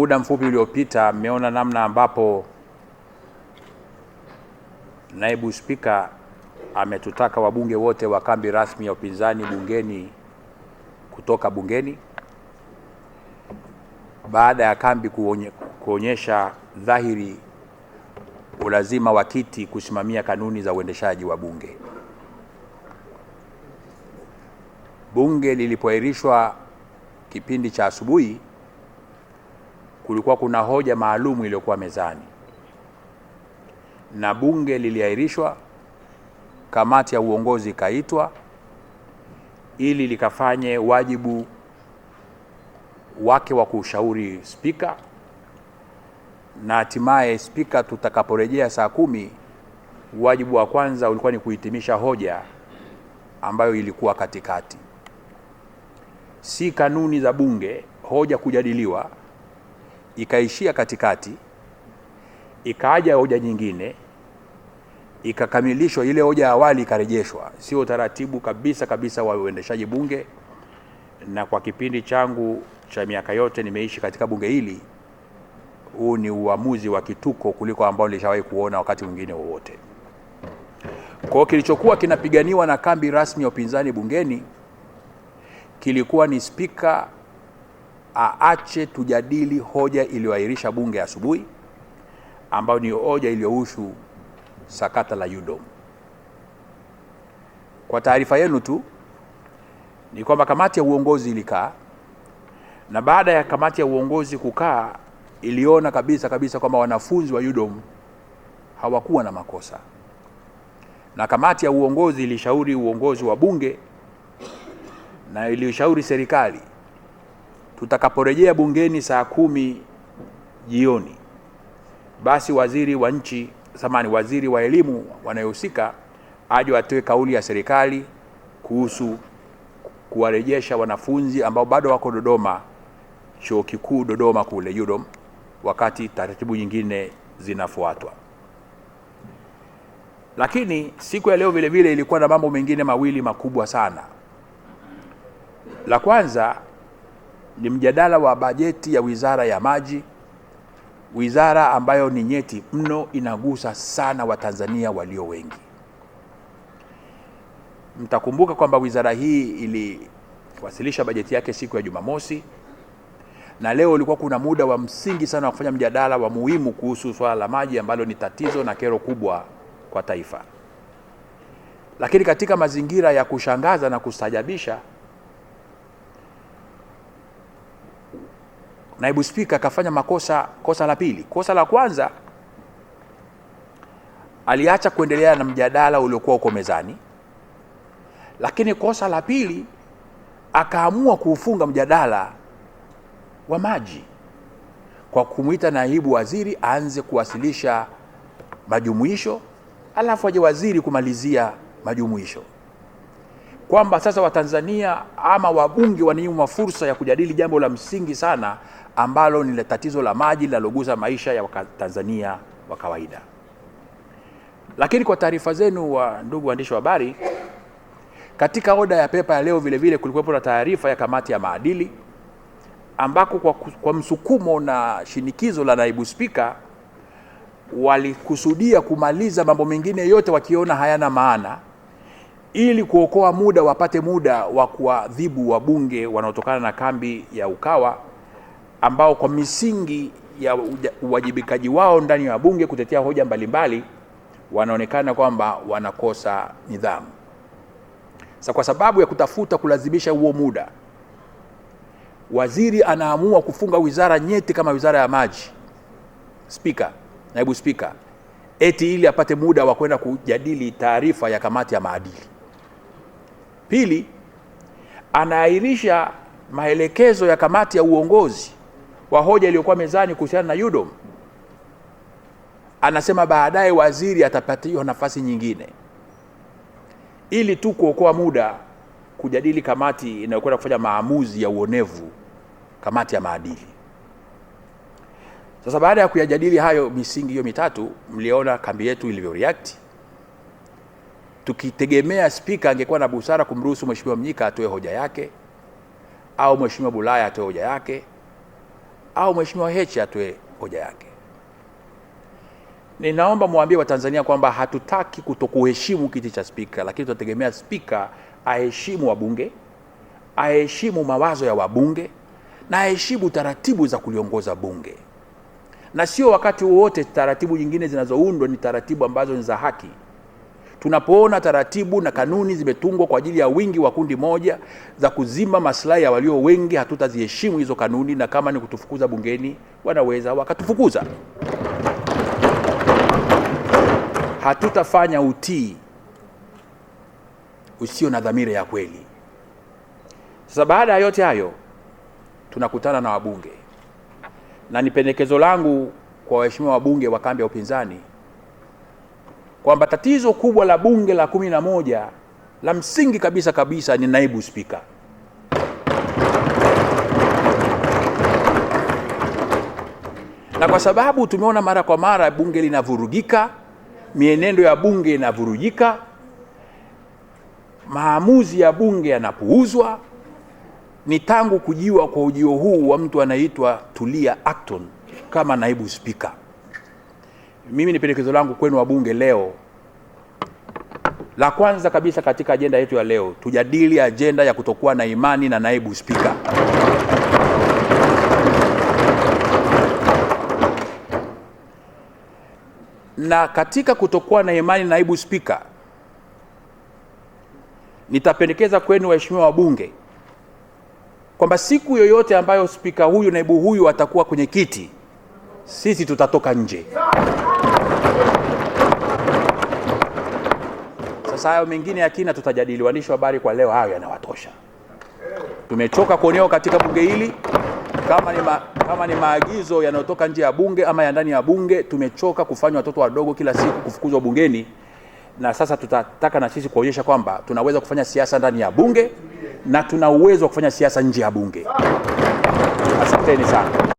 muda mfupi uliopita mmeona namna ambapo naibu spika ametutaka wabunge wote wa kambi rasmi ya upinzani bungeni kutoka bungeni baada ya kambi kuonye, kuonyesha dhahiri ulazima wa kiti kusimamia kanuni za uendeshaji wa bunge. Bunge lilipoahirishwa kipindi cha asubuhi kulikuwa kuna hoja maalum iliyokuwa mezani na bunge liliahirishwa, kamati ya uongozi ikaitwa ili likafanye wajibu wake wa kushauri spika, na hatimaye spika, tutakaporejea saa kumi, wajibu wa kwanza ulikuwa ni kuhitimisha hoja ambayo ilikuwa katikati. Si kanuni za bunge hoja kujadiliwa ikaishia katikati, ikaaja hoja nyingine ikakamilishwa, ile hoja ya awali ikarejeshwa. Sio utaratibu kabisa kabisa wa uendeshaji bunge, na kwa kipindi changu cha miaka yote nimeishi katika bunge hili, huu ni uamuzi wa kituko kuliko ambao nilishawahi kuona wakati mwingine wowote. Kwa hiyo kilichokuwa kinapiganiwa na kambi rasmi ya upinzani bungeni kilikuwa ni spika aache tujadili hoja iliyoahirisha bunge asubuhi, ambayo ni hoja iliyohusu sakata la UDOM. Kwa taarifa yenu tu ni kwamba kamati ya uongozi ilikaa, na baada ya kamati ya uongozi kukaa, iliona kabisa kabisa kwamba wanafunzi wa UDOM hawakuwa na makosa, na kamati ya uongozi ilishauri uongozi wa bunge na ilishauri serikali tutakaporejea bungeni saa kumi jioni, basi waziri wa nchi samani, waziri wa elimu wanayohusika aje atoe kauli ya serikali kuhusu kuwarejesha wanafunzi ambao bado wako Dodoma, chuo kikuu Dodoma kule UDOM, wakati taratibu nyingine zinafuatwa. Lakini siku ya leo vile vile ilikuwa na mambo mengine mawili makubwa sana. La kwanza ni mjadala wa bajeti ya Wizara ya Maji, wizara ambayo ni nyeti mno, inagusa sana Watanzania walio wengi. Mtakumbuka kwamba wizara hii iliwasilisha bajeti yake siku ya Jumamosi na leo ulikuwa kuna muda wa msingi sana wa kufanya mjadala wa muhimu kuhusu swala la maji ambalo ni tatizo na kero kubwa kwa taifa. Lakini katika mazingira ya kushangaza na kustajabisha naibu spika akafanya makosa, kosa la pili. Kosa la kwanza aliacha kuendelea na mjadala uliokuwa uko mezani, lakini kosa la pili akaamua kuufunga mjadala wa maji kwa kumwita naibu waziri aanze kuwasilisha majumuisho, alafu aje waziri kumalizia majumuisho kwamba sasa Watanzania ama wabunge wananyimwa fursa ya kujadili jambo la msingi sana ambalo ni tatizo la maji linalogusa maisha ya Watanzania wa kawaida. Lakini kwa taarifa zenu, wa ndugu waandishi wa habari, katika oda ya pepa ya leo vilevile kulikuwepo na taarifa ya kamati ya maadili ambako kwa, kwa msukumo na shinikizo la naibu spika walikusudia kumaliza mambo mengine yote wakiona hayana maana ili kuokoa muda wapate muda wa kuadhibu wabunge wanaotokana na kambi ya Ukawa ambao kwa misingi ya uwajibikaji wao ndani ya bunge kutetea hoja mbalimbali wanaonekana kwamba wanakosa nidhamu. Sasa kwa sababu ya kutafuta kulazimisha huo muda, waziri anaamua kufunga wizara nyeti kama wizara ya maji, spika, naibu spika, eti ili apate muda wa kwenda kujadili taarifa ya kamati ya maadili. Pili, anaahirisha maelekezo ya kamati ya uongozi wa hoja iliyokuwa mezani kuhusiana na Yudom. Anasema baadaye waziri atapatiwa nafasi nyingine, ili tu kuokoa muda kujadili kamati inayokwenda kufanya maamuzi ya uonevu, kamati ya maadili. Sasa baada ya kuyajadili hayo misingi hiyo mitatu, mliona kambi yetu ilivyo react. Tukitegemea spika angekuwa na busara kumruhusu Mheshimiwa Mnyika atoe hoja yake au Mheshimiwa Bulaya atoe hoja yake au Mheshimiwa Heche atoe hoja yake. Ninaomba mwambie Watanzania kwamba hatutaki kutokuheshimu kiti cha spika, lakini tunategemea spika aheshimu wabunge, aheshimu mawazo ya wabunge na aheshimu taratibu za kuliongoza bunge, na sio wakati wowote taratibu nyingine zinazoundwa ni taratibu ambazo ni za haki. Tunapoona taratibu na kanuni zimetungwa kwa ajili ya wingi wa kundi moja za kuzima maslahi ya walio wengi, hatutaziheshimu hizo kanuni, na kama ni kutufukuza bungeni, wanaweza wakatufukuza. Hatutafanya utii usio na dhamira ya kweli. Sasa baada ya yote hayo, tunakutana na wabunge, na ni pendekezo langu kwa waheshimiwa wabunge wa kambi ya upinzani kwamba tatizo kubwa la bunge la kumi na moja la msingi kabisa kabisa ni naibu spika. Na kwa sababu tumeona mara kwa mara bunge linavurugika, mienendo ya bunge inavurugika, maamuzi ya bunge yanapuuzwa, ni tangu kujiwa kwa ujio huu wa mtu anaitwa Tulia acton kama naibu spika mimi ni pendekezo langu kwenu wabunge leo, la kwanza kabisa katika ajenda yetu ya leo, tujadili ajenda ya kutokuwa na imani na naibu spika. Na katika kutokuwa na imani na naibu spika, nitapendekeza kwenu waheshimiwa wabunge kwamba siku yoyote ambayo spika huyu, naibu huyu atakuwa kwenye kiti, sisi tutatoka nje. Sasa hayo mengine ya kina tutajadili. Waandishi wa habari, kwa leo hayo yanawatosha. Tumechoka kuonewa katika bunge hili, kama ni, ma, kama ni maagizo yanayotoka nje ya bunge ama ya ndani ya bunge. Tumechoka kufanywa watoto wadogo kila siku, kufukuzwa bungeni, na sasa tutataka na sisi kuonyesha kwamba tunaweza kufanya siasa ndani ya bunge na tuna uwezo wa kufanya siasa nje ya bunge. Asanteni sana.